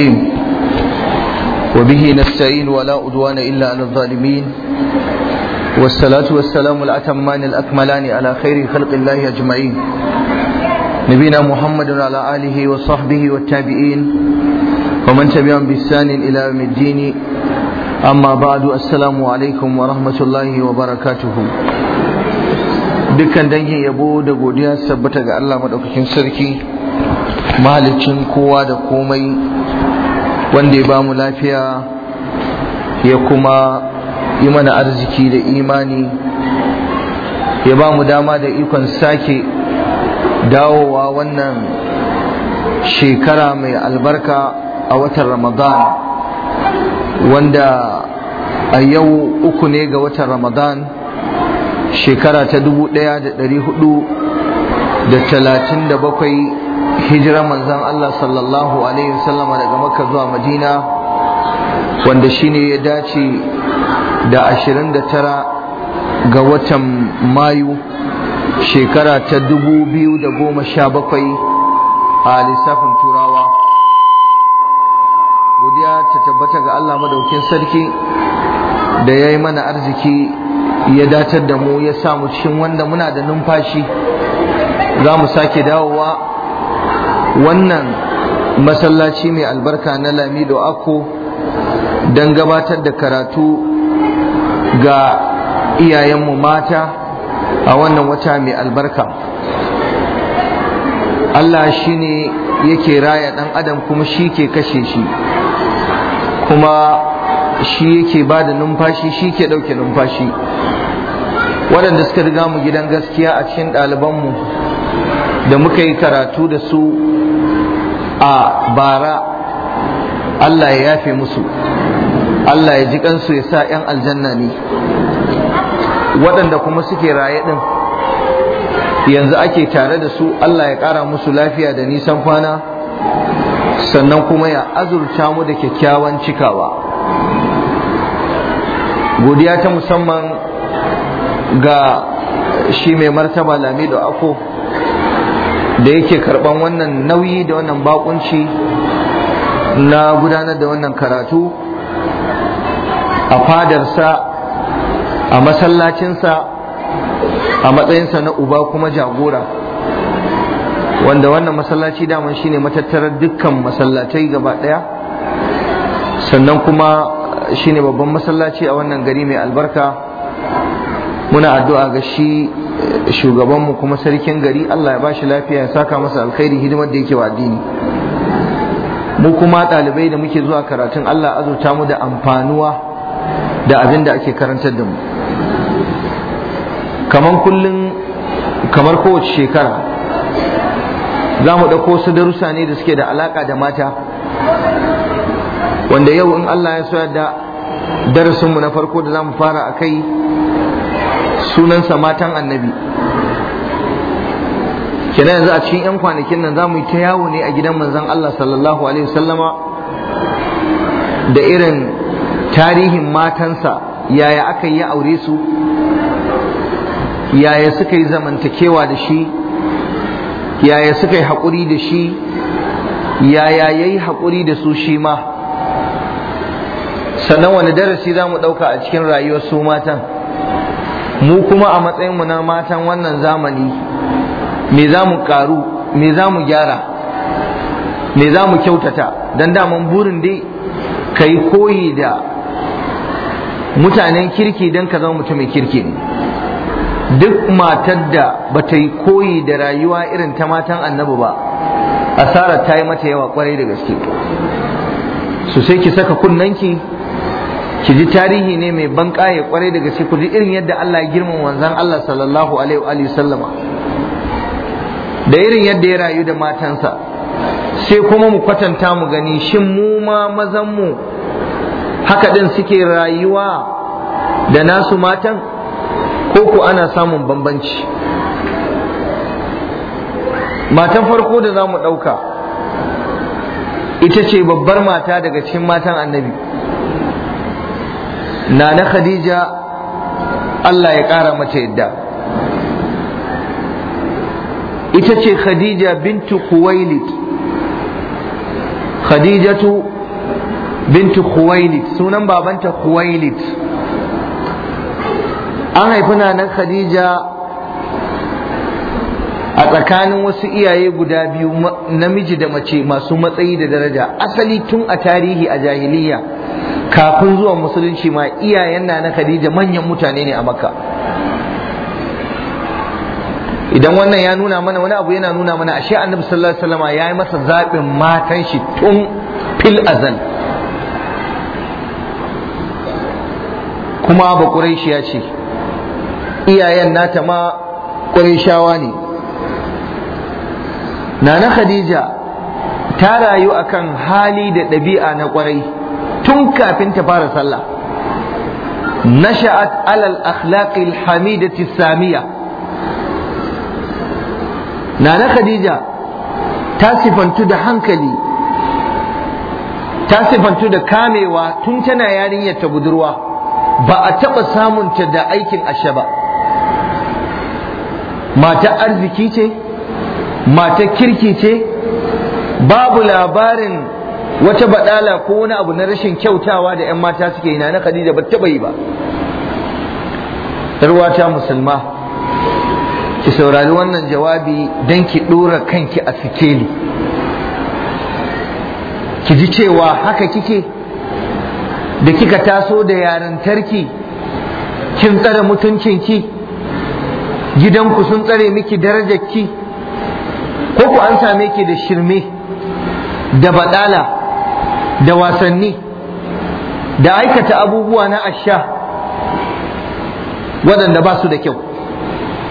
الرحيم وبه نستعين ولا أدوان إلا على الظالمين والصلاة والسلام الأتمان الأكملان على خير خلق الله أجمعين نبينا محمد على آله وصحبه والتابعين ومن تبعهم بإحسان إلى يوم الدين أما بعد السلام عليكم ورحمة الله وبركاته dukkan dangin yabo da godiya sabbata ga Allah madaukakin sarki mahaliccin kowa da komai wanda ya bamu lafiya ya kuma yi mana arziki da imani ya ba mu dama da ikon sake dawowa wannan shekara mai albarka a watan ramadan wanda a yau uku ne ga watan ramadan shekara ta 1437 hijira manzan Allah sallallahu alaihi wasallama daga maka zuwa madina wanda shi ne ya dace da 29 ga watan mayu shekara ta 2017 a lissafin turawa godiya ta tabbata ga Allah madaukin sarki da ya yi mana arziki ya datar da mu ya samu cikin wanda muna da numfashi za mu sake dawowa wannan masallaci mai albarka na lamido ako don gabatar da karatu ga iyayenmu mata a wannan wata mai albarka Allah shi ne yake raya ɗan adam kuma shi ke kashe shi kuma shi yake ba da numfashi shi ke ɗauke numfashi waɗanda suka riga mu gidan gaskiya a cikin ɗalibanmu da muka yi karatu da su a bara Allah ya yafe musu Allah ya ji kansu ya sa 'yan aljanna ne waɗanda kuma suke raye ɗin yanzu ake tare da su Allah ya ƙara musu lafiya da nisan kwana sannan kuma ya azurta mu da kyakkyawan cikawa godiya ta musamman ga shi mai martaba lamido ako da yake karban wannan nauyi da wannan bakunci na gudanar da wannan karatu a fadarsa a masallacinsa a matsayinsa na uba kuma jagora wanda wannan masallaci daman shine matattarar dukkan masallacai gaba daya sannan kuma shine babban masallaci a wannan gari mai albarka muna addu'a ga shi shugabanmu kuma sarkin gari Allah ya ba shi lafiya ya saka masa alkhairi hidimar da yake wa addini mu kuma ɗalibai da muke zuwa karatun Allah azuta mu da amfanuwa da abin da ake karantar da mu kamar kullum kamar kowace shekara za mu ɗauko su darussa ne da suke da alaƙa da mata wanda yau in Allah ya so da darasinmu na farko da za mu fara a kai sunansa matan annabi kenan yanzu a cikin 'yan kwanakin nan za mu yi ta yawo ne a gidan manzon Allah sallallahu alaihi wasallama da irin tarihin matansa yaya aka yi aure su yaya suka yi zamantakewa da shi yaya suka yi haƙuri da shi yaya ya yi haƙuri da su shi ma sannan wani darasi za mu ɗauka a cikin rayuwar su matan mu kuma a matsayinmu na matan wannan zamani me za mu karu me za mu gyara me za mu kyautata don daman burin dai ka yi koyi da mutanen kirki don ka zama mutumin kirki duk matar da ba ta yi koyi da rayuwa irin ta matan annabi ba asara ta yi mata yawa kwarai da gaske Su sai ki saka kunnanki ki ji tarihi ne mai ban ya kwarai daga gaske ku ji irin yadda Allah ya girmama wanzan Allah sallallahu alaihi wa sallama da irin yadda ya rayu da matansa sai kuma mu kwatanta mu gani shin mu ma mazan mu haka din suke rayuwa da nasu matan ko ku ana samun bambanci matan farko da za mu ɗauka ita ce babbar mata daga cikin matan annabi nana khadija Allah ya ƙara mata yadda ita ce khadija bintu khuwailid khadijatu bintu khuwailid sunan babanta Kuwailit. an haifi na khadija a tsakanin wasu iyaye guda biyu namiji da mace masu matsayi da daraja asali tun a tarihi a jahiliya kafin zuwan musulunci ma iyayen na na Khadija manyan mutane ne a Makka idan wannan ya nuna mana wani abu yana nuna mana ashe annabi sallallahu alaihi wasallam ya yi masa zaɓin matan shi tun fil azal kuma ba ya ce iyayen nata ma quraishawa ne nana khadija ta rayu akan hali da ɗabi'a na ƙwarai tun kafin ta fara sallah nasha'at alal akhlaqil hamidati samiya nana khadija ta sifantu da hankali ta sifantu da kamewa tun tana yarinyar ta budurwa ba a taɓa samunta da aikin ashe ba mata arziki ce mata kirki ce babu labarin wata badala ko wani abu na rashin kyautawa da 'yan mata suke yi na Khadija ba taba yi ba ta musulma ki saurari wannan jawabi don ki dora kanki a sikeli ki ji cewa haka kike da kika taso da yarantarki kin tsare mutuncinki ku sun tsare miki ki? ko ku an same ki da shirme da badala da wasanni da aikata abubuwa na asha waɗanda ba su da kyau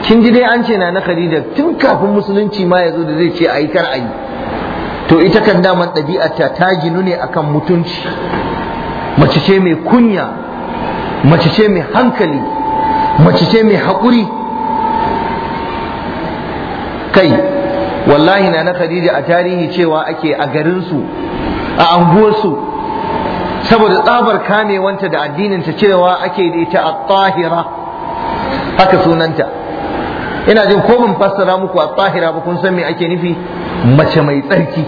kin ji dai an ce na na Khadija tun kafin musulunci ma ya zo da zai ce a yi kar a yi to ita kan daman ɗabi'arta ta ginu ne akan mutunci mace ce mai kunya mace ce mai hankali mace ce mai haƙuri kai wallahi na na Khadija a tarihi cewa ake a garinsu a anguwarsu saboda tsabar kamewanta da addininta cewa ake da ita a tahira haka sunanta ina jin ko mun fassara muku a tahira ba kun san me ake nufi mace mai tsarki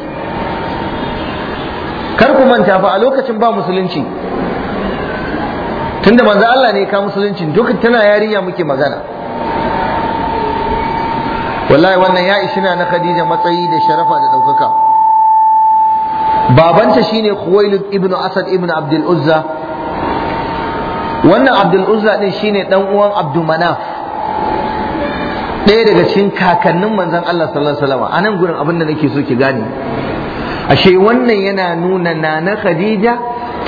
kar ku manta fa a lokacin ba musulunci tunda manzo Allah ne ka musulunci duk tana yarinya muke magana wallahi wannan ya na na Khadija matsayi da sharafa da daukaka babanta shine Khuwailid ibn Asad ibn Abdul Uzza wannan Abdul Uzza din shine dan uwan Abdul Manaf ɗaya daga cikin kakannin manzon Allah sallallahu alaihi wasallam anan gurin abin da nake so ki gane ashe wannan yana nuna nana Khadija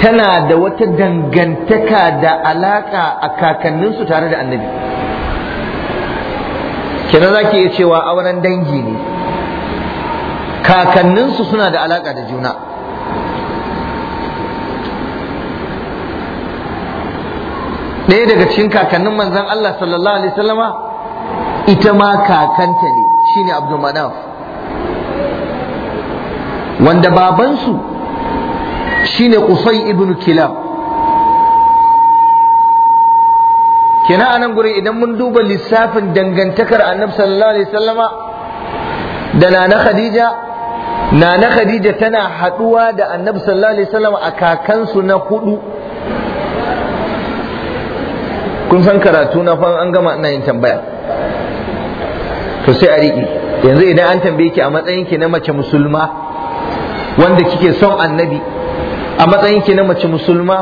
tana da wata dangantaka da alaka a kakanninsu tare da annabi kenan zaki iya cewa auren dangi ne kakanninsu suna da alaka da juna ɗaya daga cikin kakannin manzan Allah sallallahu alaihi wasallama ita ma kakanta ne shine Abdul wanda babansu shine Qusay ibn Kilab Kina anan gurin idan mun duba lissafin dangantakar Annabi sallallahu alaihi wasallama da nana Khadija nana Khadija tana haduwa da Annabi sallallahu alaihi wasallama a kakansu na hudu kun san karatu na fa an gama ina yin tambaya to sai a riƙe yanzu idan an tambaye ki a matsayin ki na mace musulma wanda kike son annabi a matsayin ki na mace musulma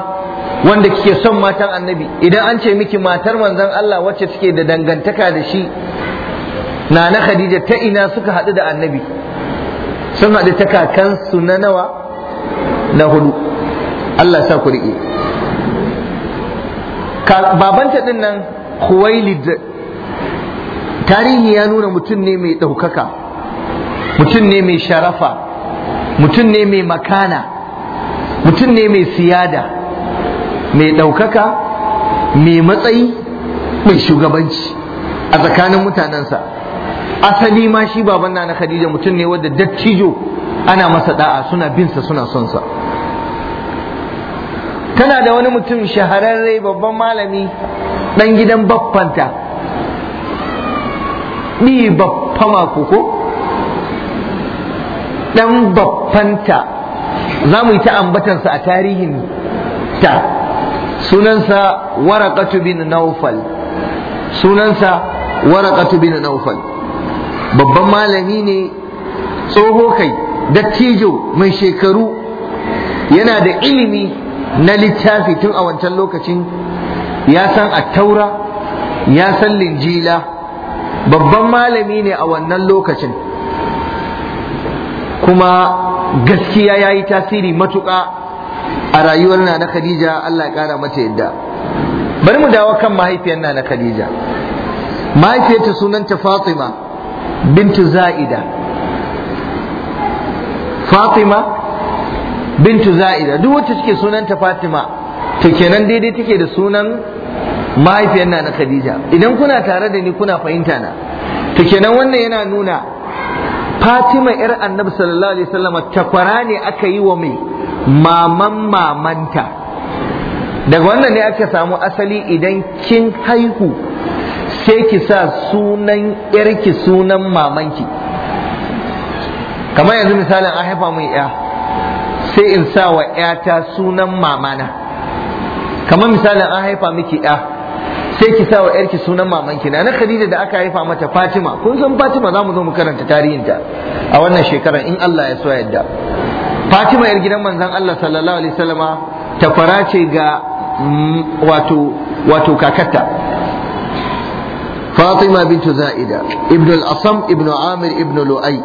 wanda kike son matan annabi idan an ce miki matar manzon Allah wacce take da dangantaka da shi na na Khadija ta ina suka haɗu da annabi sun haɗu ta kakansu na nawa na hudu Allah sa ku riƙe babanta din nan Khuwailid tarihi ya nuna mutum ne mai ɗaukaka mutum ne mai sharafa mutum ne mai makana mutum ne mai siyada mai ɗaukaka mai matsayi mai shugabanci a tsakanin mutanensa asali ma shi baban na Khadija mutum ne wadda dattijo ana masa da'a suna binsa suna sonsa tana da wani mutum shahararre babban malami ɗan gidan baffanta ɗi baffa mako ko ɗan baffanta za mu yi ta ambatansa a tarihin ta sunansa waraƙatu bin naufal sunansa bin naufal babban malami ne tsoho kai dattijo mai shekaru yana da ilimi na littafi tun a wancan lokacin ya san attaura ya san linjila babban malami ne a wannan lokacin kuma gaskiya ya yi tasiri matuƙa a rayuwar na na khadija allah ya ƙara mata yadda bari mu dawo kan mahaifiyar na na khadija mahaifiyarta sunanta fatima bintu za'ida fatima bintu za'ida duk wacce take sunanta fatima to kenan daidai take da sunan mahaifiyar na na khadija idan kuna tare da ni kuna fahimta na to kenan wannan yana nuna fatima yar annabi sallallahu alaihi wasallam takwara ne aka yi wa mai maman mamanta daga wannan ne aka samu asali idan kin haihu sai ki sa sunan yarki sunan mamanki kamar yanzu misalin an haifa mun ya sai in sa wa ‘yata sunan mamana kamar misalin an haifa miki ɗa sai ki sa wa ‘yarki sunan mamanki na na Khadija da aka haifa mata Fatima kun san Fatima za mu zo mu karanta tarihinta a wannan shekarar in Allah ya so yadda Fatima ‘yar gidan manzon Allah sallallahu alaihi wasallama ta fara ce ga mm, wato wato kakatta Fatima bintu Za'ida ibn al-Asam ibn Amir ibn Lu'ay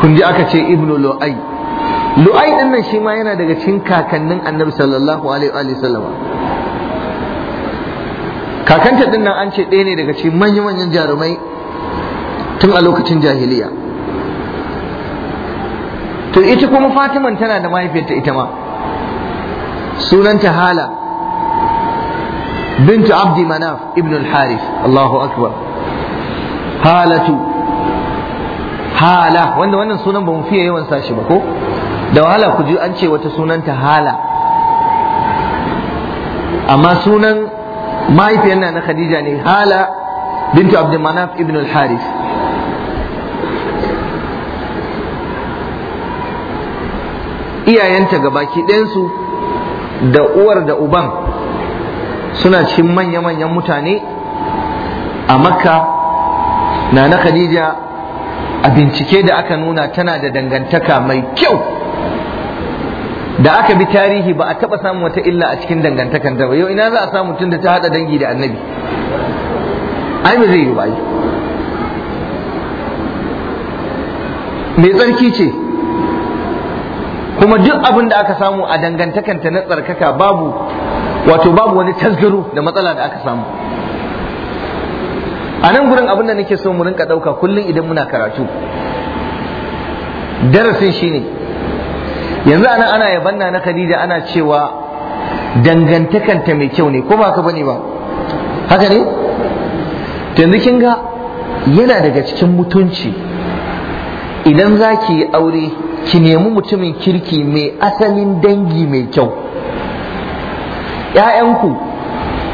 kun ji aka ce ibn Lu'ay lu'ai din nan shi ma yana daga cikin kakannin annabi sallallahu alaihi wa sallama kakanta din nan an ce ɗaya ne daga cikin manyan manyan jarumai tun a lokacin jahiliya to ita kuma fatiman tana da mahaifiyarta ita ma sunanta hala bintu abdi manaf ibn al-harith Allahu akbar tu, hala wanda wannan sunan ba mu fiye yawan sashi ba ko da wahala ku ji an ce wata sunanta hala amma sunan mahaifiyar na na khadija ne hala bintu abdulmanaf ibn al-haris iyayenta ga baki ɗayansu da uwar da uban suna cikin manya-manyan mutane a makka na na khadija a bincike da aka nuna tana da dangantaka mai kyau da aka bi tarihi ba a taba samu wata illa a cikin dangantakan ta ba yau ina za a samu tun da ta hada dangi da annabi ai zai yi ba mai tsarki ce kuma duk abin da aka samu a dangantakanta na tsarkaka babu wato babu wani tasgaro da matsala da aka samu a nan gurin abin da nake so mu rinka ɗauka kullum idan muna karatu darasin shine ne yanzu anan ana yabanna na Khadija ana cewa dangantakanta mai kyau ne ko ba ka bane ba haka ne yanzu kin ga yana daga cikin mutunci idan za ki yi aure ki nemi mutumin kirki mai asalin dangi mai kyau ‘ya'yanku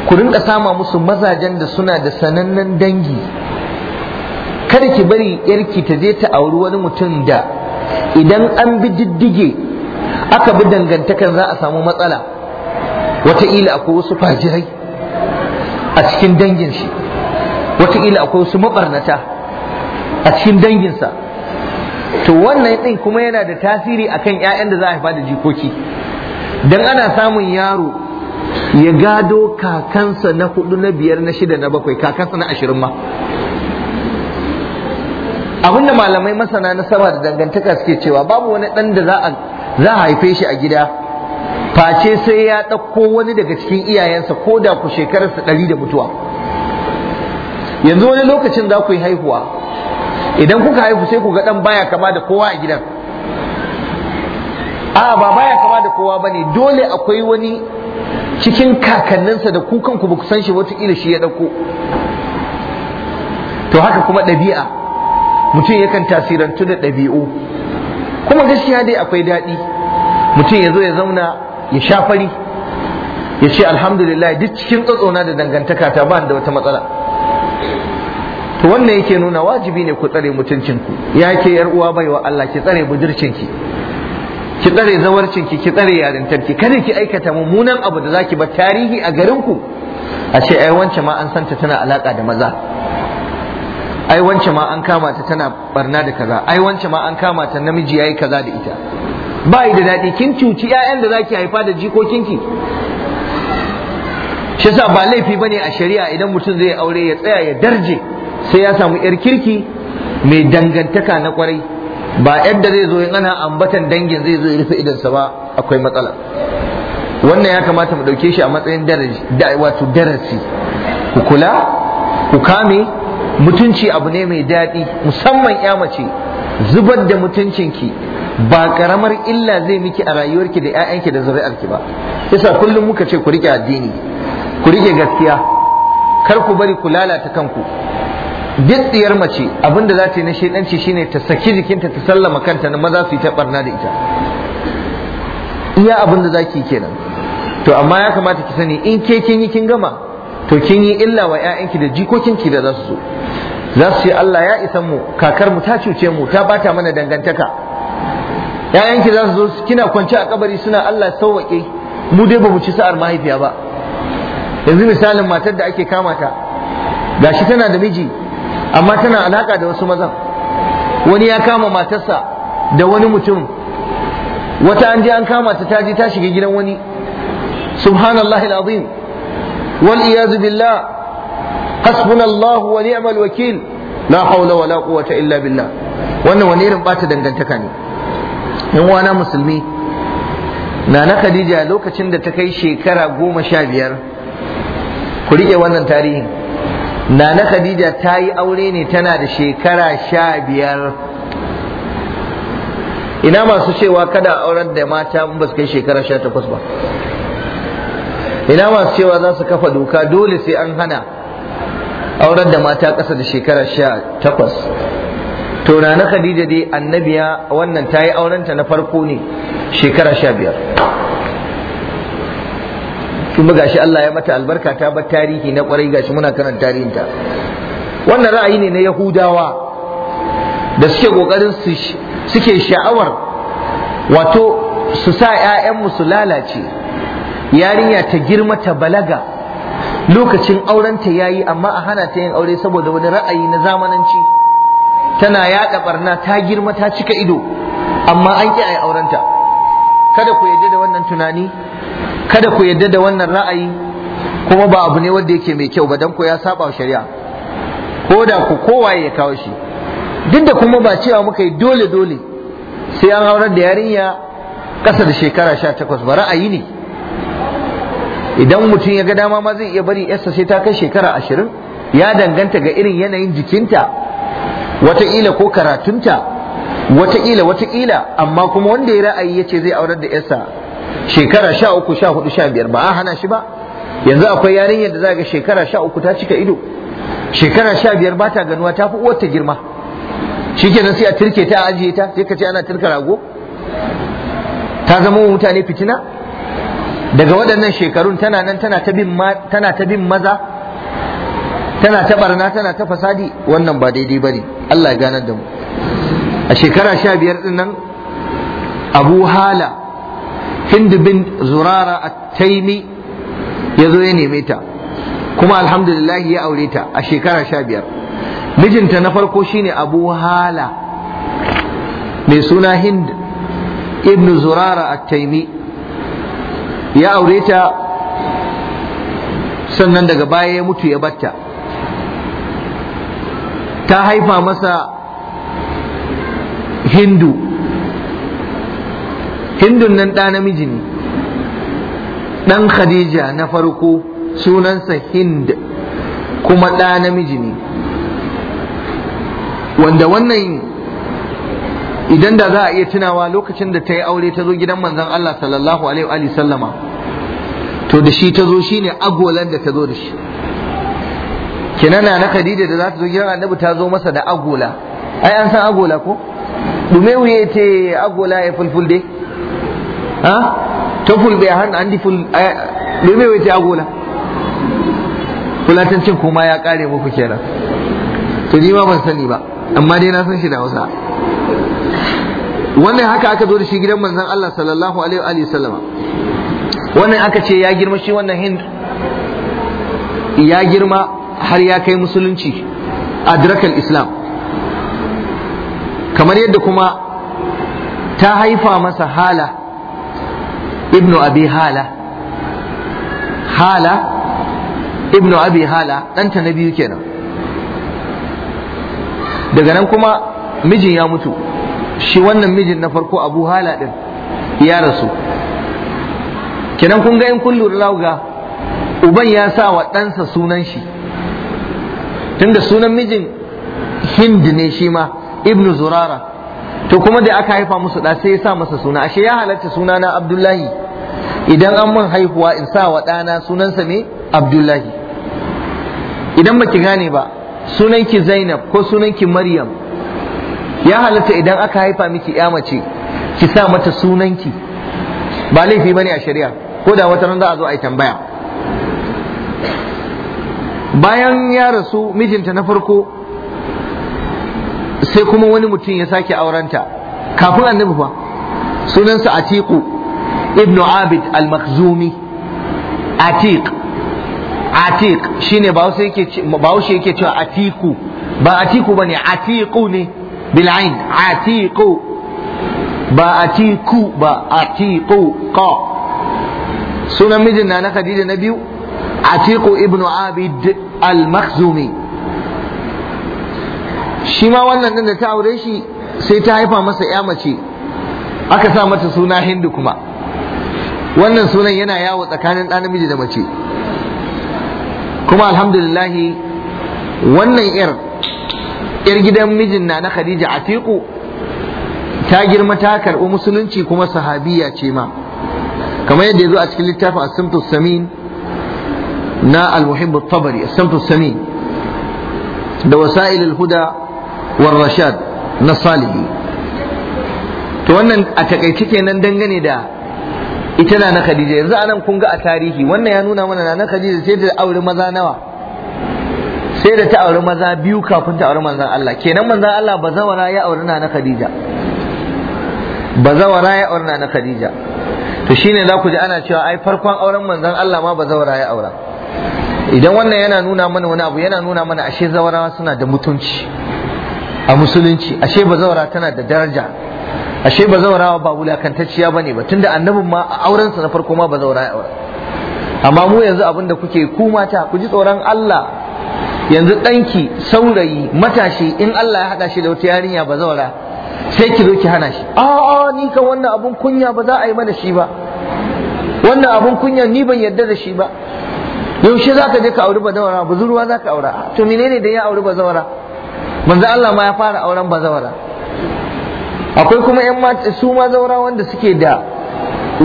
ku rinka sama musu mazajen da suna da sanannen dangi kada ki bari yarki ta je ta auri wani mutum da idan an bi diddige aka bi dangantakan za a samu matsala wataƙila akwai wasu fajirai a cikin dangin shi wataƙila akwai wasu mabarnata a cikin danginsa to wannan ɗin kuma yana da tasiri akan 'ya'yan da za a haifa da jikoki don ana samun yaro ya gado kakansa na hudu na biyar na shida na bakwai kakansa na ashirin ma abinda malamai masana na sama da dangantaka suke cewa babu wani ɗan da za a za a haife shi a gida face sai ya ɗauko wani daga cikin iyayensa ko da ku shekararsa ɗari da mutuwa yanzu wani lokacin za ku yi haihuwa idan kuka haihu sai ku ga ɗan baya kama da kowa a gidan a ba baya kama da kowa ba ne dole akwai wani cikin kakanninsa da ku kanku ba ku san shi wataƙila shi ya ɗauko to haka kuma ɗabi'a mutum yakan tasirantu da ɗabi'u kuma gaskiya dai akwai daɗi mutum ya zo ya zauna ya sha fari ya ce alhamdulillah duk cikin tsatsona da dangantaka ta ba da wata matsala to wannan yake nuna wajibi ne ku tsare mutuncinku ya ke yar uwa baiwa Allah ki tsare budurcinki ki tsare zawarcinki ki tsare yarintarki kada ki aikata mummunan abu da zaki ba tarihi a garinku a ce ai wancan ma an santa tana alaka da maza ai wance ma an kama ta tana barna da kaza ai wance ma an kama ta namiji yayi kaza da ita ba yi da daɗi kin cuci 'ya'yan da zaki haifa da jikokinki shi yasa ba laifi bane a shari'a idan mutum zai aure ya tsaya ya darje sai ya samu yar kirki mai dangantaka na kwarai ba yadda zai zo in ana ambatan dangin zai zo rufe idan sa ba akwai matsala wannan ya kamata mu ɗauke shi a matsayin darasi wato darasi ku kula ku kame mutunci abu ne mai daɗi musamman ya mace zubar da mutuncinki ba karamar illa zai miki a rayuwarki da 'ya'yanki da zuri'arki ba yasa kullum muka ce ku rike addini ku rike gaskiya kar ku bari ku lalata kanku duk diyar mace abinda za ta yi na shaidanci shine ta saki jikinta ta sallama kanta na maza su yi ta barna da ita iya abinda za ki kenan to amma ya kamata ki sani in ke kin yi kin gama to kin yi illa wa ƴaƴanki da jikokinki da zasu za su ce Allah ya isan mu kakar mu ta cuce mu ta bata mana dangantaka ƴaƴanki za su zo kina kwance a kabari suna Allah sauwake mu dai ba mu ci sa'ar mahaifiya ba yanzu misalin matar da ake kama ta gashi tana da miji amma tana alaka da wasu mazan wani ya kama matarsa da wani mutum wata an je an kama ta ta je ta shiga gidan wani subhanallahi alazim والعياذ بالله حسبنا الله ونعم الوكيل لا حول ولا قوة إلا بالله وأنا ونير بات دنجنتكاني هو أنا مسلمي نانا خديجة لو كتشند تكي شيكرا قوم شابير كريجة وانا تاريخ نانا خديجة تاي أوليني تنا شيكرا شابير ina masu cewa kada aurar da mata in ba su kai shekara sha takwas ba ina masu cewa za su kafa doka dole sai an hana Auren da mata ƙasa da shekara sha takwas to na khadija dai annabiya wannan ta yi aurenta na farko ne shekara sha biyar kuma gashi Allah ya mata albarka ta bar tarihi na kwarai gashi muna karanta tarihinta wannan ra'ayi ne na yahudawa da suke kokarin suke sha'awar wato su sa 'ya'yanmu su lalace yarinya ta girma ta balaga lokacin aurenta yayi amma a hana ta yin aure saboda wani ra'ayi na zamananci tana yaɗa barna ta girma ta cika ido amma an ki ayi aurenta kada ku yadda da wannan tunani kada ku yadda da wannan ra'ayi kuma ba abu ne wanda yake mai kyau ba dan ku ya saba shari'a ko da ku kowaye ya kawo shi duk da kuma ba cewa muka yi dole dole sai an aurar da yarinya ƙasa da shekara sha takwas ba ra'ayi ne idan mutum ya ga dama ma zai iya bari yarsa sai ta kai shekara ashirin ya danganta ga irin yanayin jikinta wataƙila ko karatunta wataƙila wataƙila amma kuma wanda ya ra'ayi ya ce zai aurar da yarsa shekara sha uku sha hudu sha biyar ba a hana shi ba yanzu akwai yarinyar da za ga shekara sha uku ta cika ido shekara sha biyar ba ta ganuwa ta fi uwarta girma shi kenan sai a turke ta a ajiye ta sai ka ce ana turka rago ta zama mutane fitina daga waɗannan shekarun tana nan tana ta bin ta maza tana ta barna tana ta fasadi wannan ba daidai ba ne. Allah ya ganar da mu a shekara sha biyar ɗin nan Abu Hala Hind bin Zurara a taimi ya zo ya neme ta kuma alhamdulillah ya aure ta a shekara sha biyar mijinta na farko shine Abu Hala mai suna Hind ibn Zurara a taimi ya aure ta sannan daga baya ya mutu ya batta ta haifa masa hindu hindun nan ɗa namiji ne ɗan khadija na farko sunansa hind kuma ɗa namiji ne wanda wannan idan da za a iya tunawa lokacin da ta yi aure ta zo gidan manzon Allah sallallahu alaihi wa sallama to da shi ta zo shi ne agolan da ta zo da shi kinana na khadija da za ta zo gidan annabi ta zo masa da agola ai an san agola ko dume wuye ce agola ya fulful dai ha ful bai han an di ful dume wuye ce agola fulatancin kuma ya kare muku kenan to ni ma ban sani ba amma dai na san shi da Hausa wannan haka aka zo da shi gidan manzon Allah sallallahu alaihi wa sallama wannan aka ce ya girma shi wannan hind ya girma har ya kai musulunci a drakal islam kamar yadda kuma ta haifa masa hala ibnu abi hala hala ibnu abi hala ɗanta na biyu kenan daga nan kuma mijin ya mutu shi wannan mijin na farko abu hala ɗin ya rasu kenan kun ga in kun lura lauga uban ya sa wa ɗansa sunan shi tunda sunan mijin hind ne shi ma ibnu zurara to kuma da aka haifa musu da sai ya sa masa suna ashe ya halatta suna na abdullahi idan an mun haihuwa in sa wa ɗana sunansa ne abdullahi idan baki gane ba sunanki zainab ko sunanki maryam ya halatta idan aka haifa miki ya mace ki sa mata sunanki ba laifi bane a shari'a ko da wata ran za a zo a yi tambaya bayan ya rasu mijinta na farko sai kuma wani mutum ya sake aurenta kafin annabi fa sunansa atiku ibnu abid al-makhzumi atiq atiq shine bahaushe yake wasu yake cewa atiku ba atiku bane atiku ne bil atiku ba atiku ba atiku ka sunan mijin na na khadija na biyu atiku Ibnu abid al-makhzumi shi ma wannan din da ta aure shi sai ta haifa masa ya mace aka sa mata suna hindu kuma wannan sunan yana yawo tsakanin ɗan namiji da mace kuma alhamdulillahi wannan yar yar gidan mijin na na khadija atiku ta girma ta karɓi musulunci kuma sahabiya ce ma kamar yadda ya zo a cikin littafin asimtu samin na al-muhibbu tabari asimtu samin da wasa'il huda war rashad na salibi to wannan a takaice kenan dangane da ita na na khadija yanzu anan kun ga a tarihi wannan ya nuna mana na khadija sai da aure maza nawa sai da ta auri maza biyu kafin ta auri manzan Allah kenan manzan Allah bazawara ya auri na na khadija bazawara ya auri na na khadija to shine za ku ji ana cewa ai farkon auren manzon Allah ma ba zawara ya aura idan wannan yana nuna mana wani abu yana nuna mana ashe zawarawa suna da mutunci a musulunci ashe bazawara tana da daraja ashe bazawara ba wulakantacciya bane ba tunda annabin ma auren sa na farko ma bazawara ya aura amma mu yanzu da kuke ku mata ku ji tsoron Allah yanzu danki saurayi matashi in Allah ya hada shi da wata yarinya bazawara sai ki zo ki hana shi a ni kan wannan abun kunya ba za a yi mana shi ba wannan abun kunya ni ban yarda da shi ba yaushe za ka je ka auri bazawara budurwa za ka aura to menene da ya auri bazawara manzo Allah ma ya fara auren bazawara akwai kuma yan mata su ma zaura wanda suke da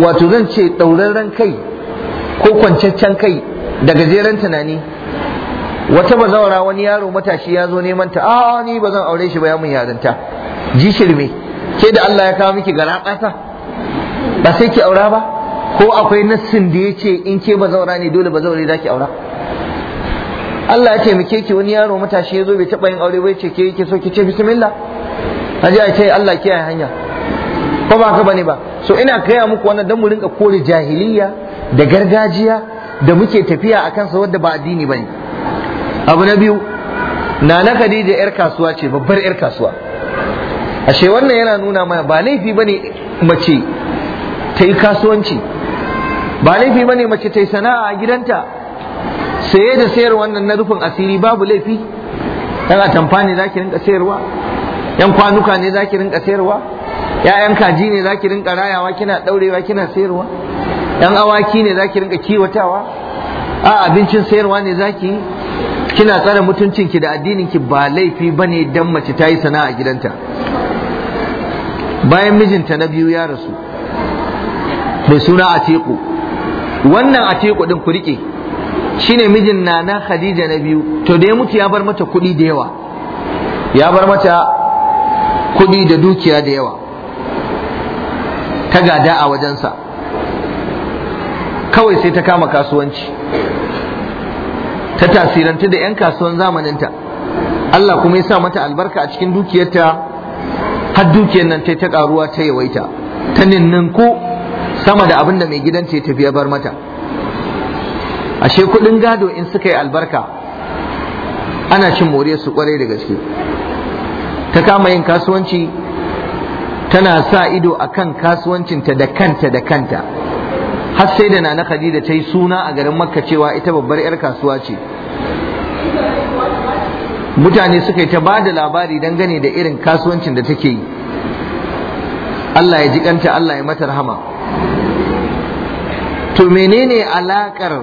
wato zan ce ɗaurarren kai ko kwancaccen kai da gajeren tunani wata bazawara wani yaro matashi ya zo neman ta a ni ba zan aure shi ba ya mun yarinta jishirme ke da Allah ya kawo miki gara ƙasa ba sai ki aura ba ko akwai nassin da ya ce in ke ba zaura ne dole ba zaure za ki aura Allah ya taimake ki wani yaro matashi ya zo bai taɓa yin aure bai ce ke yake so ki ce bismillah a ji a ce Allah kiyaye hanya ko ba haka bane ba so ina kaya muku wannan dan mu rinka kore jahiliya da gargajiya da muke tafiya a kansa wadda ba addini bane abu na biyu nana Khadija yar kasuwa ce babbar yar kasuwa ashe wannan yana nuna mana ba laifi bane mace ta yi kasuwanci ba laifi bane mace ta yi sana'a a gidanta saye da sayar wannan na rufin asiri babu laifi yan atamfa ne za ki rinka sayarwa yan kwanuka ne za ki rinka sayarwa ya'yan kaji ne za ki rinka rayawa kina daurewa kina sayarwa yan awaki ne za ki rinka kiwatawa a abincin sayarwa ne zaki kina tsare mutuncinki da addininki ba laifi bane dan mace ta yi sana'a a gidanta bayan mijinta na biyu ya rasu mai suna atiku wannan atiku din ku rike shine mijin na na khadija na biyu to da ya mutu ya bar mata kuɗi da yawa ya bar mata kuɗi da dukiya da yawa ta gada a wajensa kawai sai ta kama kasuwanci ta tasiranta da 'yan kasuwan zamaninta Allah kuma ya sa mata albarka a cikin dukiyarta har dukiyar nan ta ta karuwa ta yawaita ta ninninku sama da abin da mai gidan ta tafi bar mata ashe kudin gado in suka yi albarka ana cin more su kwarai da gaske ta kama yin kasuwanci tana sa ido a kan kasuwancinta da kanta da kanta har sai da nana khadija ta yi suna a garin makka cewa ita babbar 'yar kasuwa ce mutane suka yi ta ba da labari dangane da irin kasuwancin da take yi Allah ya jikanta Allah ya mata rahama to menene alakar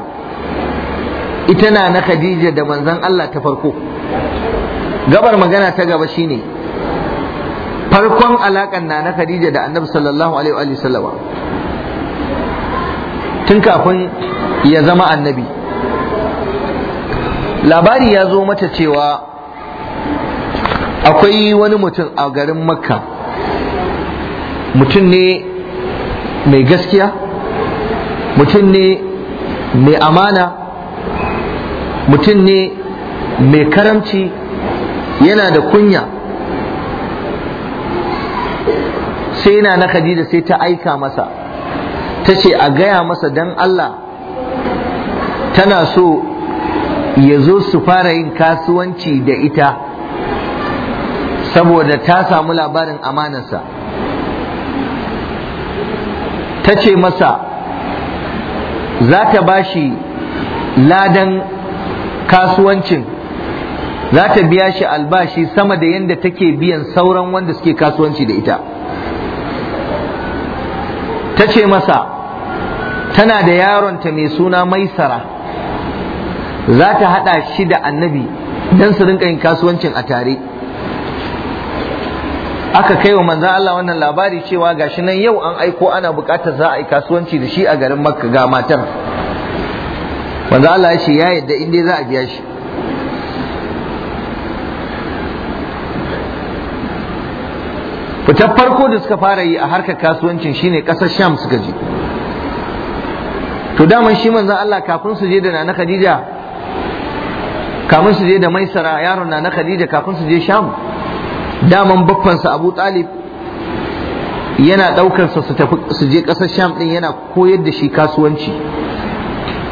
ita na na Khadija da manzan Allah ta farko gabar magana ta gaba shine farkon alakan na na Khadija da Annabi sallallahu alaihi wa sallama tun kafin ya zama annabi labari ya zo mata cewa akwai wani mutum a garin makka mutum ne mai gaskiya mutum ne mai amana mutum ne mai karamci yana da kunya sai yana na khadija sai ta aika masa ta ce a gaya masa dan Allah tana so ya zo su fara yin kasuwanci da ita saboda ta samu labarin amanarsa ta ce masa za ta ba shi ladan kasuwancin za ta biya shi albashi sama da yadda take biyan sauran wanda suke kasuwanci da ita ta ce masa tana da yaronta mai suna maisara za ta haɗa shi da annabi don su rinka yin kasuwancin a tare aka kai wa manzan Allah wannan labari cewa gashi nan yau an aiko ana bukatar za a yi kasuwanci da shi a garin makka ga matar manzan Allah ya ce ya yadda inda za a biya shi fitar farko da suka fara yi a harkar kasuwancin shine kasar sham suka je to daman shi manzan Allah kafin su je da na khadija kafin su je da maisara yaron na khadija kafin su je sham daman baffansa abu talib yana ɗaukarsa su je ƙasar sham ɗin yana koyar da shi kasuwanci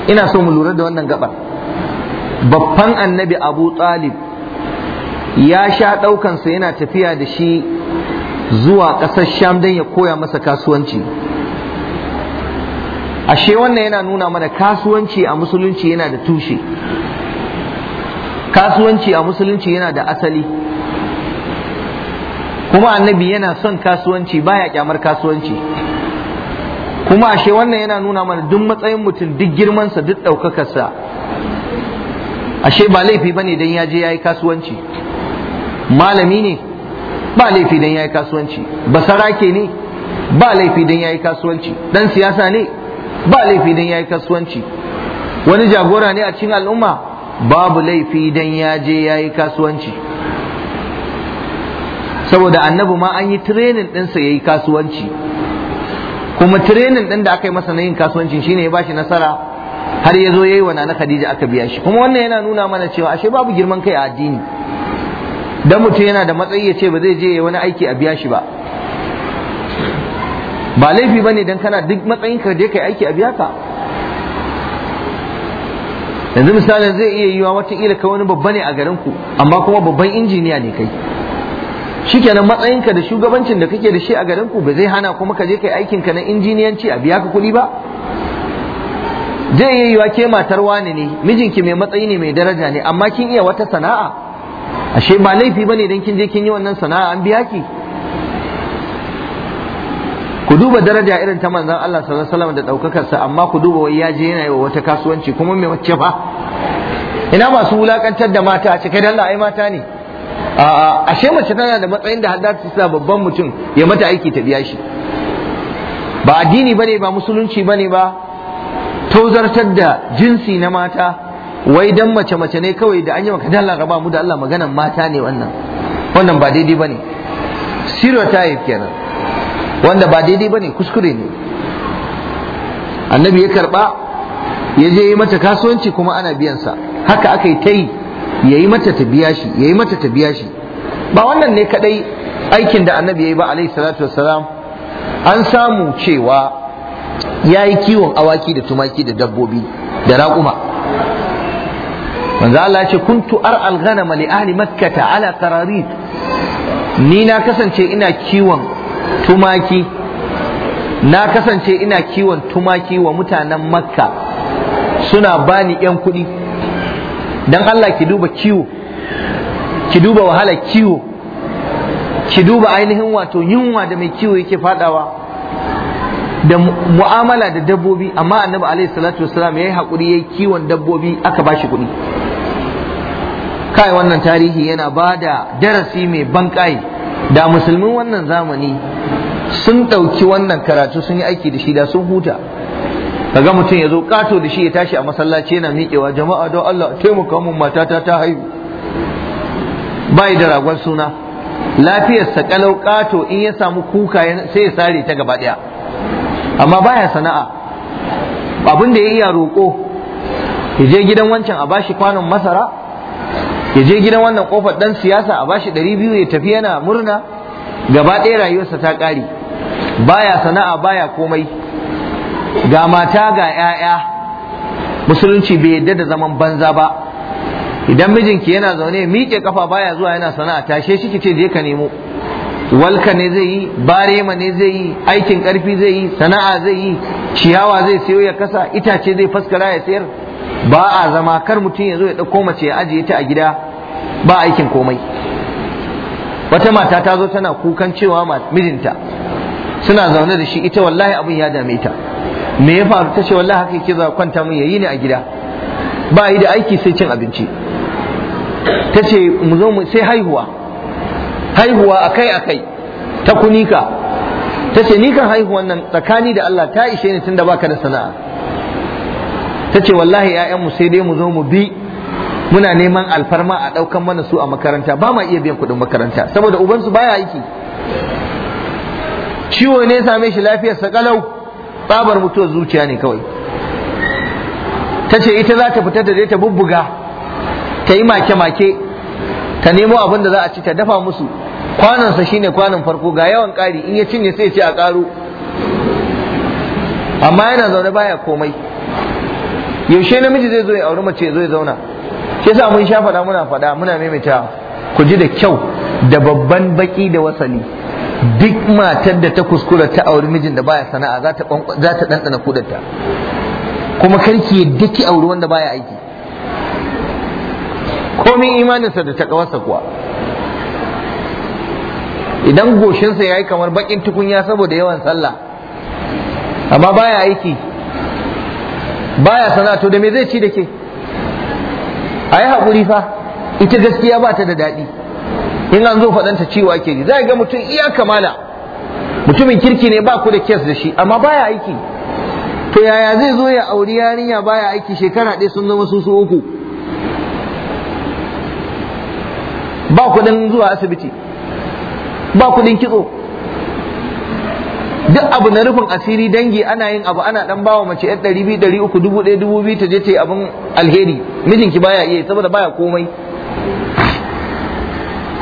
ina so mu lura da wannan gaba babban annabi abu talib ya sha ɗaukansa yana tafiya da shi zuwa ƙasar sham ya koya masa kasuwanci ashe wannan yana nuna mana kasuwanci a musulunci yana da tushe kasuwanci a musulunci yana da asali kuma annabi yana son kasuwanci baya kyamar kasuwanci kuma ashe wannan yana nuna mana duk matsayin mutum duk girmansa duk ɗaukakarsa ashe ba laifi bane dan ya je yayi kasuwanci malami ne ba laifi dan yayi kasuwanci basarake ne ba laifi dan yayi kasuwanci dan siyasa ne ba laifi dan yayi kasuwanci wani jagora ne a cikin al'umma babu laifi dan ya je yayi kasuwanci saboda annabi ma an yi training ɗinsa ya yi kasuwanci kuma training ɗin da aka yi masa na yin kasuwancin shine ya bashi nasara har ya zo ya yi wa na Khadija aka biya shi kuma wannan yana nuna mana cewa ashe babu girman kai a addini dan mutum yana da matsayi ya ce ba zai je wani aiki a biya shi ba ba laifi bane dan kana duk matsayin ka je kai aiki a biya ka yanzu misalin zai iya yiwa wata kila kai wani babba ne a garin ku amma kuma babban injiniya ne kai shikenan matsayinka da shugabancin da kake da shi a garin ku ba zai hana kuma ka je kai aikin ka na injiniyanci a biya ka kuɗi ba zai iya yiwa ke matar wani ne mijinki mai matsayi ne mai daraja ne amma kin iya wata sana'a ashe ba laifi bane idan kin je kin yi wannan sana'a an biya ki ku duba daraja irin ta manzon Allah sallallahu alaihi wasallam da sa amma ku duba wai ya je yana yi wa wata kasuwanci kuma mai wacce ba? ina masu wulakantar da mata a cikin Allah ai mata ne ashe mace tana da matsayin da hadda ta sa babban mutum ya mata aiki ta biya shi ba addini bane ba musulunci bane ba tozartar da jinsi na mata wai dan mace mace ne kawai da an yi maka dalla raba mu da Allah maganan mata ne wannan wannan ba daidai bane stereotype kenan wanda ba daidai bane kuskure ne annabi ya karba ya je mata kasuwanci kuma ana biyan sa haka aka yi ta yi yayi mata ta biya shi yayi mata ta biya shi ba wannan ne kadai aikin da annabi ya yi ba alaihi salatu wassalam an samu cewa ya yi kiwon awaki da tumaki da dabbobi da raƙuma manzo Allah ce kuntu ar al-ghanama li ahli makkah ala qararit ni na kasance ina kiwon tumaki na kasance ina kiwon tumaki wa mutanen makka suna bani yan kuɗi dan Allah ki duba kiwo ki duba wahalar kiwo ki duba ainihin wato yunwa da mai kiwo yake fadawa da mu'amala da dabbobi amma annabi alaihi salatu yi yayi hakuri yayi kiwon dabbobi aka bashi kuɗi kai wannan tarihi yana bada darasi mai bankai da musulmin wannan zamani sun ɗauki wannan karatu sun yi aiki da shi da sun huta kaga mutum ya zo kato da shi ya tashi a masallaci yana miƙewa jama'a don Allah taimaka mun matata ta haihu bai da ragon suna lafiyar sa kalau kato in ya samu kuka sai ya sare ta gaba daya amma baya sana'a abin da ya iya roƙo ya je gidan wancan a bashi kwanon masara ya je gidan wannan kofar dan siyasa a bashi ɗari biyu ya tafi yana murna gaba ɗaya rayuwarsa ta ƙare baya sana'a baya komai ga mata ga 'ya'ya musulunci bai yadda da zaman banza ba idan mijinki yana zaune miƙe kafa baya zuwa yana sana'a tashe shi ki ce je ka nemo walka ne zai yi barema ne zai yi aikin karfi zai yi sana'a zai yi ciyawa zai siyo ya kasa itace zai faskara ya sayar ba a zama kar mutum ya zo ya ɗauko mace ya ajiye ta a gida ba aikin komai wata mata ta zo tana kukan cewa mijinta suna zaune da shi ita wallahi abin ya dame ta me ya faru ta ce wallahi haka yake zuwa kwanta mun yayi ne a gida ba yi da aiki sai cin abinci ta ce mu zo mu sai haihuwa haihuwa akai akai ta kunika ta ce ni kan haihuwan nan tsakani da Allah ta ishe ni tunda baka da sana'a ta ce wallahi 'ya'yan mu sai dai mu zo mu bi muna neman alfarma a ɗaukan mana su a makaranta ba ma iya biyan kuɗin makaranta saboda ubansu baya aiki ciwo ne same shi lafiyar sa kalau tsabar mutuwar zuciya ne kawai ta ce ita za ta fita da je ta bubbuga ta yi make-make ta nemo abin da za a ci ta dafa musu kwanansa shine kwanan farko ga yawan ƙari in ya cinye sai ce a ƙaro amma yana zaune baya komai yaushe namiji zai zo ya auri mace zo ya zauna shi yasa mun sha faɗa muna faɗa muna maimaita ku ji da kyau da babban baki da wasali duk matar da ta kuskura ta auri mijin da baya sana'a za ta ɗanɗana kuɗinta kuma karki yadda ki auri wanda baya aiki komai imaninsa da ta kawarsa kuwa idan goshinsa ya yi kamar bakin tukunya saboda yawan sallah amma baya aiki baya sana'a to da me zai ci da ke a yi haƙuri fa ita gaskiya ba ta da daɗi in an zo faɗanta cewa ake ji za ga mutum iya kamala mutumin kirki ne ba ku da kes da shi amma baya aiki to yaya zai zo ya auri yarinya baya aiki shekara ɗaya sun zama su su uku ba kuɗin zuwa asibiti ba kuɗin kitso duk abu na rufin asiri dangi ana yin abu ana dan bawa mace yar ɗari biyu ɗari uku dubu ɗaya dubu biyu ta je ta yi abin alheri mijinki baya iya saboda baya komai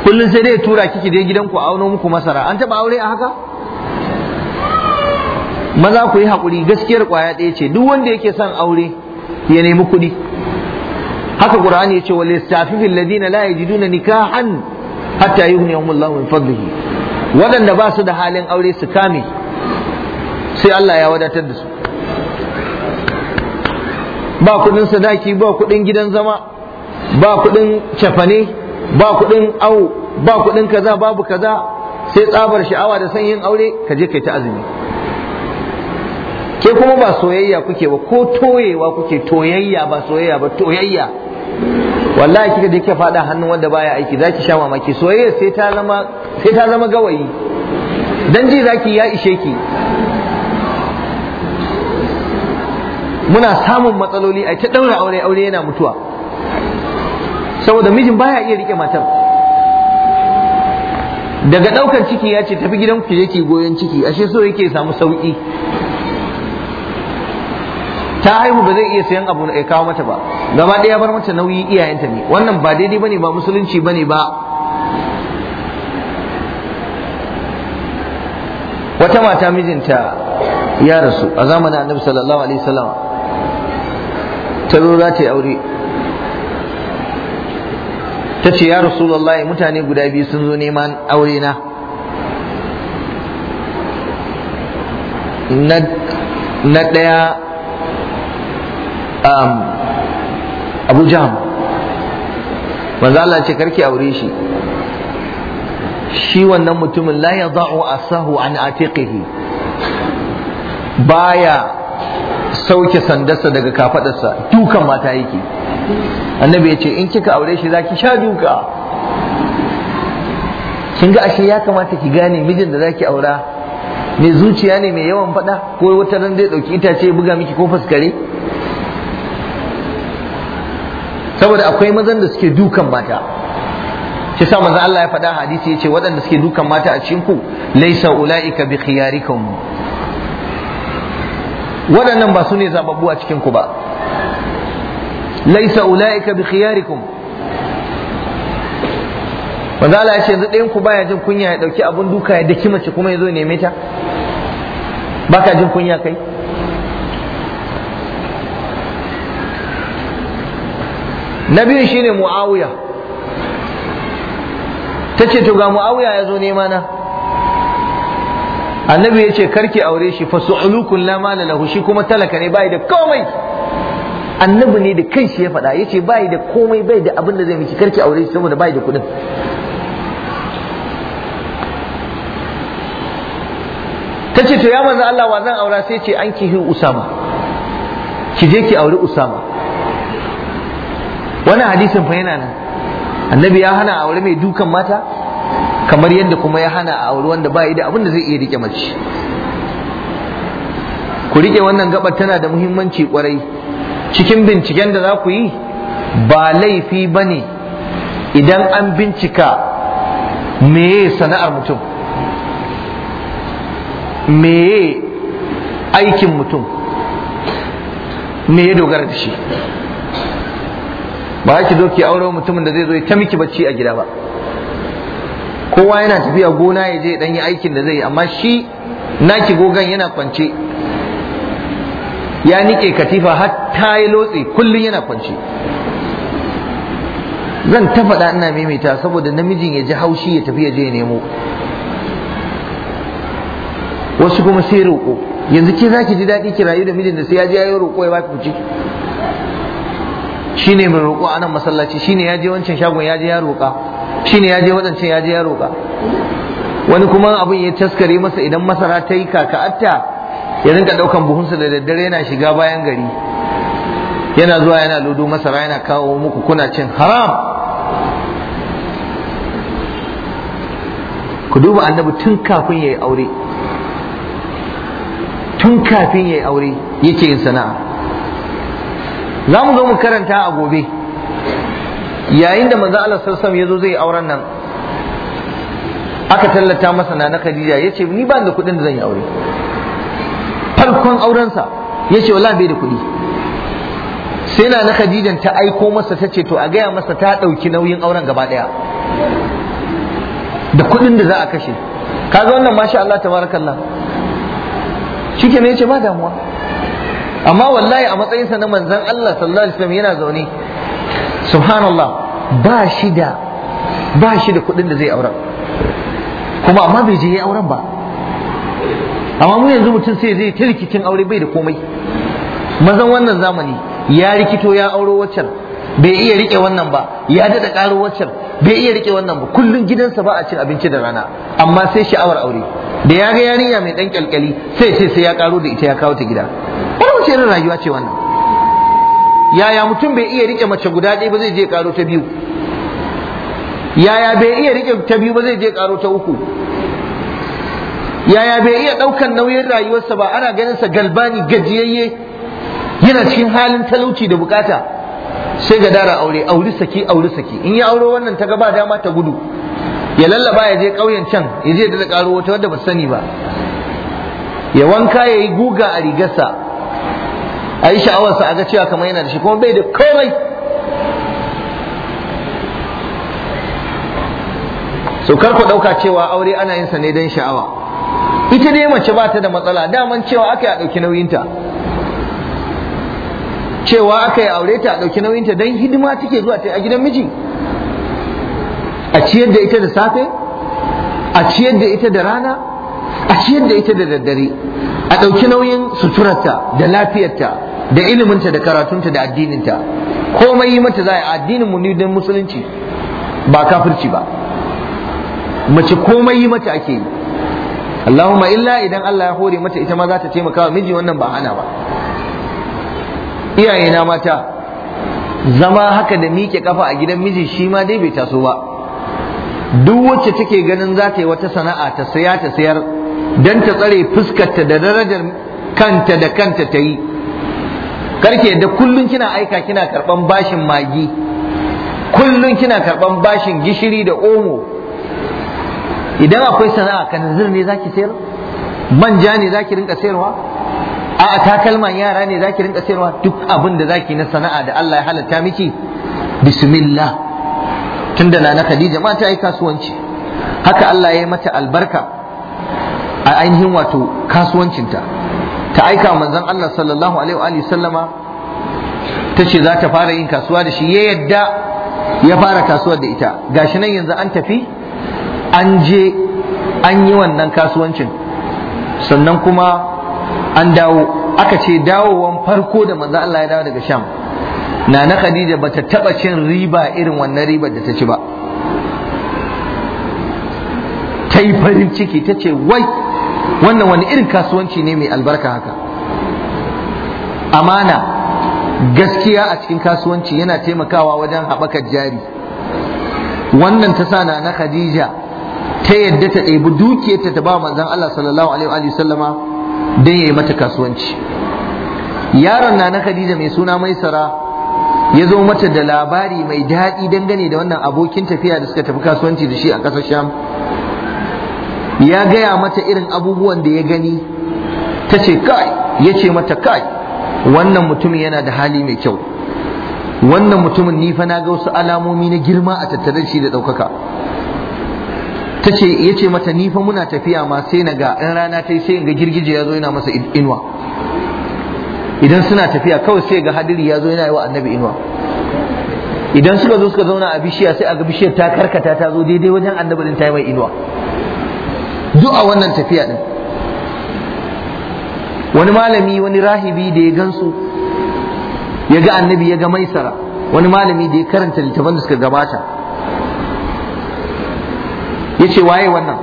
kullum sai dai tura kiki gidan gidanku a auno muku masara an taba aure a haka maza ku yi haƙuri gaskiyar kwaya ɗaya ce duk wanda yake son aure ya nemi kuɗi haka ya ce wale safifin ladina la yajiduna nikahan hatta yughniyahum Allahu min fadlihi waɗanda ba su da halin aure su kame sai Allah ya wadatar da su ba kuɗin sadaki ba kuɗin gidan zama ba kuɗin cafane ba kuɗin au ba kuɗin kaza babu kaza sai tsabar sha'awa da son yin aure ka je kai ta azumi ke kuma ba soyayya kuke ba ko toyewa kuke toyayya ba soyayya ba toyayya wallahi kika je fada hannun wanda baya aiki zaki sha mamaki soyayya sai ta zama sai ta zama gawayi dan ji zaki ya ishe ki muna samun matsaloli a ta daura aure aure yana mutuwa saboda mijin baya iya rike matar daga ɗaukar ciki ya ce tafi gidan ku je ki goyon ciki ashe so yake samu sauki ta haihu ba zai iya sayan abu ya kawo mata ba gaba ɗaya bar mata nauyi iyayenta ne wannan ba daidai bane ba musulunci bane ba wata mata mijinta ya rasu a zamanin annabi sallallahu alaihi wasallam ta zo za yi aure ta ce ya rasulullahi mutane guda biyu sun zo neman aure na ɗaya um, abu jam manzo Allah ce karki aure shi shi wannan mutumin la ya za'u asahu an atiqihi baya sauke sandarsa daga kafadarsa dukan mata yake annabi ya ce in kika aure shi zaki sha duka kin ga ashe ya kamata ki gane mijin da zaki aura mai zuciya ne mai yawan faɗa ko wata ran zai ɗauki itace buga miki ko faskare saboda akwai mazan da suke dukan mata shi sa manzo Allah ya faɗa hadisi ce waɗanda suke dukan mata a cikin ku laysa ulaika bi khiyarikum waɗannan ba su ne zababbu a cikin ku ba laisa ulaika bi khiyarikum manzo Allah ya ce yanzu ɗayan ku baya jin kunya ya dauki abun duka ya daki mace kuma ya zo neme ta baka jin kunya kai nabi shine muawiya ta ce to ga muawiya ya zo nema na annabi ya ce karki aure shi fa su'ulukun la mala lahu shi kuma talaka ne bai da komai annabi ne da kanshi ya faɗa yace bai da komai bai da abin da zai miki karki aure shi saboda bai da kuɗin ce to ya manzo Allah wa zan aura sai ce an ki kihi Usama ki je ki aure Usama wannan hadisin fa yana nan annabi ya hana aure mai dukan mata kamar yadda kuma ya hana a aure wanda bai da abin da zai iya rike mace ku rike wannan gabar tana da muhimmanci kwarai cikin binciken da za ku yi ba laifi ba ne idan an bincika meye sana'ar mutum meye aikin mutum meye dogara da shi ba ki zo ki aure mutumin da zai zo ta miki bacci a gida ba kowa yana tafiya gona ya je dan yi aikin da zai yi. amma shi naki gogan yana kwance ya nike katifa hatta ya lotse kullum yana kwance zan ta faɗa ina maimaita saboda namijin ya ji haushi ya tafi ya je nemo wasu kuma sai roƙo yanzu ke za ki ji daɗi ki rayu da mijin da sai ya ji ya yi roƙo ya baki kuci shi ne mai roƙo a nan masallaci shi ne ya je wancan shagon ya je ya roƙa shi ne ya je waɗancan ya je ya roƙa wani kuma abin ya taskare masa idan masara ta yi kaka'atta ya rinka daukan buhunsa da daddare yana shiga bayan gari yana zuwa yana ludo masara yana kawo muku kuna cin haram ku duba annabi tun kafin ya yi aure tun kafin ya yi aure yake yin sana'a za mu zo mu karanta a gobe yayin da manzo Allah sallallahu ya zo zai auren nan aka tallata masa na Khadija yace ni ba da kuɗin da zan yi aure farkon aurensa ya ce wallahi bai da kuɗi sai na na khadijan ta aiko masa ta ce to a gaya masa ta ɗauki nauyin auren gaba ɗaya da kuɗin da za a kashe kaga wannan masha Allah tabarakallah ke ne ce ba damuwa amma wallahi a matsayinsa na manzon Allah sallallahu alaihi wasallam yana zaune subhanallah ba shi da ba shi da kuɗin da zai auren kuma amma bai je ya auren ba amma mu yanzu mutum sai zai ta rikicin aure bai da komai mazan wannan zamani ya rikito ya auro waccan bai iya rike wannan ba ya dada karo waccan bai iya rike wannan ba kullum gidansa ba a cin abinci da rana amma sai sha'awar aure da ya ga yarinya mai dan kyalkyali sai sai sai ya karo da ita ya kawo ta gida wani ce irin rayuwa ce wannan yaya mutum bai iya rike mace guda ɗaya ba zai je karo ta biyu yaya bai iya rike ta biyu ba zai je karo ta uku yaya bai iya ɗaukan nauyin rayuwarsa ba ana ganin sa galbani gajiyayye yana cikin halin talauci da bukata sai ga dara aure auri saki auri saki in ya auro wannan ta gaba dama ta gudu ya lallaba ya je ƙauyen can ya je da karo wata wanda ba sani ba ya wanka ya yi guga a rigarsa a yi sha'awarsa a ga cewa kamar yana da shi kuma bai da komai so kar ku ɗauka cewa aure ana yin sa ne don sha'awa ita dai mace ba ta da matsala daman cewa aka yi a ɗauki nauyinta cewa aka yi aure ta a ɗauki nauyinta don hidima take zuwa ta a gidan miji a ciyar da ita da safe a ciyar da ita da rana a ciyar da ita da daddare a ɗauki nauyin suturarta da lafiyarta da iliminta da karatunta da addininta komai yi mata za a addinin mu ne don musulunci ba kafirci ba mace komai yi mata ake yi Allahumma illa idan Allah ya hore mata ita ma za ta taimaka wa miji wannan ba hana ba iyayena mata zama haka da miƙe kafa a gidan miji shi ma dai bai taso ba duk wacce take ganin za ta yi wata sana'a ta saya ta sayar don ta tsare fuskarta da darajar kanta da kanta ta yi karke da kullun kina aika kina karban bashin magi kullun kina karban bashin gishiri da omo idan akwai sana'a kananzir ne zaki sayar manja ne zaki rinka sayarwa a takalman yara ne zaki rinka sayarwa duk abin da zaki na sana'a da Allah ya halatta miki bismillah tunda Nana Khadija ma ta yi kasuwanci haka Allah ya yi mata albarka a ainihin wato kasuwancinta ta aika manzon Allah sallallahu alaihi wa sallama ta ce za ta fara yin kasuwa da shi ya yadda ya fara kasuwa da ita gashi nan yanzu an tafi an je an yi wannan kasuwancin sannan kuma an dawo aka ce dawowan farko da manzo Allah ya dawo daga Sham na na Khadija bata taba cin riba irin wannan ribar da ta ci ba ta yi farin ciki ta ce wai wannan wani irin kasuwanci ne mai albarka haka amana gaskiya a cikin kasuwanci yana taimakawa wajen haɓakar jari wannan ta sa na na Khadija ta yadda ta ɗebi dukiyarta ta ba manzan Allah sallallahu alaihi wa sallama dan yayi mata kasuwanci yaron na na Khadija mai suna Maisara ya zo mata da labari mai daɗi dangane da wannan abokin tafiya da suka tafi kasuwanci da shi a ƙasar Sham ya gaya mata irin abubuwan da ya gani ta ce kai ya ce mata kai wannan mutumin yana da hali mai kyau wannan mutumin ni fa na ga wasu alamomi na girma a tattare shi da ɗaukaka ta ce ya ce mata ni fa muna tafiya ma sai na ga ɗan rana ta yi sai ga girgije ya zo yana masa inuwa idan suna tafiya kawai sai ga hadiri ya zo yana yi wa annabi inuwa idan suka zo suka zauna a bishiya sai a ga bishiyar ta karkata ta zo daidai wajen annabi din ta yi mai inuwa duk a wannan tafiya din wani malami wani rahibi da ya gansu ya ga annabi ya ga maisara wani malami da ya karanta littafan da suka gabata yace waye wannan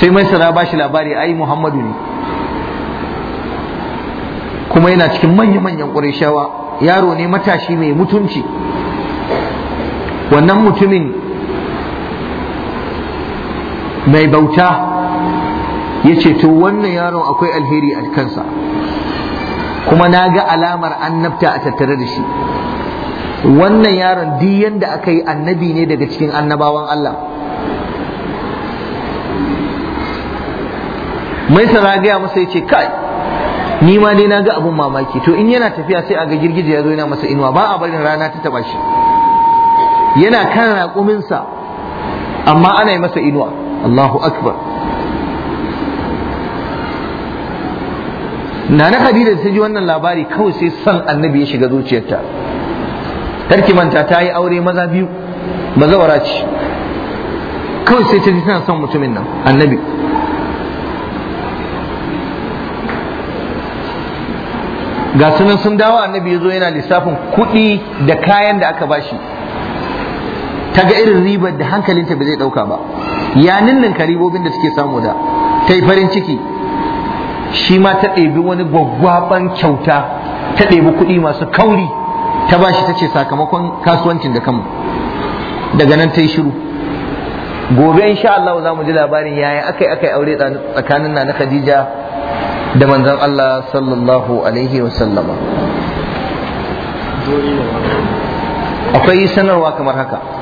sai mai sana ba shi labari ai Muhammadu ne kuma yana cikin manya-manyan ƙurashawa yaro ne matashi mai mutunci wannan mutumin mai bauta ya ce to wannan yaron akwai alheri a kansa kuma na ga alamar annabta a tattare da shi wannan yaron duk yanda aka yi annabi ne daga cikin annabawan Allah mai sana gaya masa ya ce kai ni ma dai na ga abun mamaki to in yana tafiya sai a ga girgije ya zo yana masa inuwa ba a barin rana ta taba shi yana kan raƙuminsa amma ana yi masa inuwa Allahu akbar na na Khadija ta ji wannan labari kawai sai son annabi ya shiga zuciyarta karki manta ta yi aure maza biyu bazawara ce kawai sai ta ji tana son mutumin nan annabi ga sunan sun dawo annabi ya zo yana lissafin kuɗi da kayan da aka bashi ta ga irin ribar da hankalinta ba zai ɗauka ba ya ninninka karibobin da suke samu da ta yi farin ciki shi ma ta ɗebi wani gwaggwaban kyauta ta ɗebi kuɗi masu kauri ta ba shi ta ce sakamakon kasuwancin da kanmu daga nan ta yi shiru gobe insha Allah za mu ji labarin yaya akai akai aure tsakanin na Khadija da manzon Allah sallallahu alaihi wa sallama akwai sanarwa kamar haka